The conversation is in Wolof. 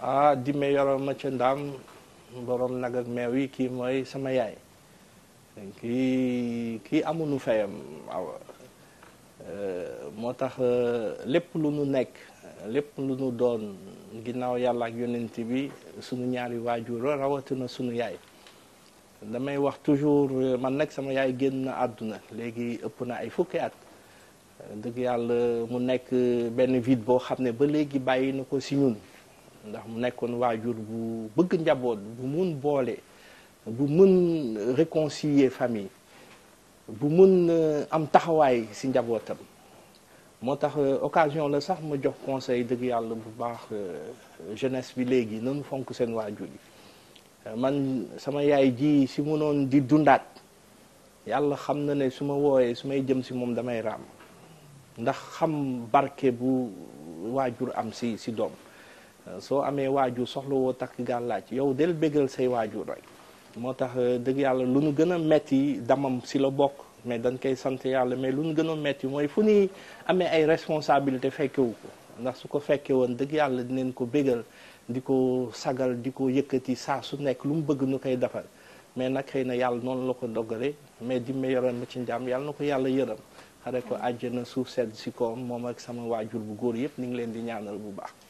ah dimme yoroo ma ca ndaam borom nag ak meew yi kii mooy sama yaay kii kii amuñu fayam waaw euh, moo tax euh, lépp lu nu nekk lépp lu nu doon ginnaaw yàlla ak yonent bi sunu ñaari rawat na suñu yaay damay wax toujours man nag sama yaay génn na àdduna léegi ëpp na ay fukki at dëgg yàlla mu nekk euh, benn vide boo xam ne ba léegi bàyyi na ko si ñun ndax mu nekkoon waajur bu bëgg njaboot bu mun boole bu mun réconcilier famille bu mun euh, am taxawaay si njabootam moo tax euh, occasion la sax ma jox conseil dëgg yàlla bu baax euh, jeunesse bi léegi nanu fonk seen waajur yi man sama yaay ji si munoon di dundaat yàlla xam na ne su ma wooyee su may jëm si moom damay raam ndax xam barke bu waajur am si si doom soo amee waajur soxla woo takk gàllaaj yow del béggal say waajur rek moo tax euh, dëgg yàlla lu nu gën a metti damam si la bokk mais dañ koy sant yàlla mais lu nu gën a metti mooy fu ñuy amee ay responsabilité fekkewu ndax su ko fekkee woon dëgg yàlla dinañ ko bégal di ko sagal di ko yëkkati saa su nekk lu mu bëgg nu koy defal mais nag xëy na yàlla noonu la ko dogale mais di ma yoram ma ci njaam yàlla na ko yàlla yërëm xare ko àjj na suuf sedd si koom moom ak sama waajur bu góor yëpp ni ngi leen di ñaanal bu baax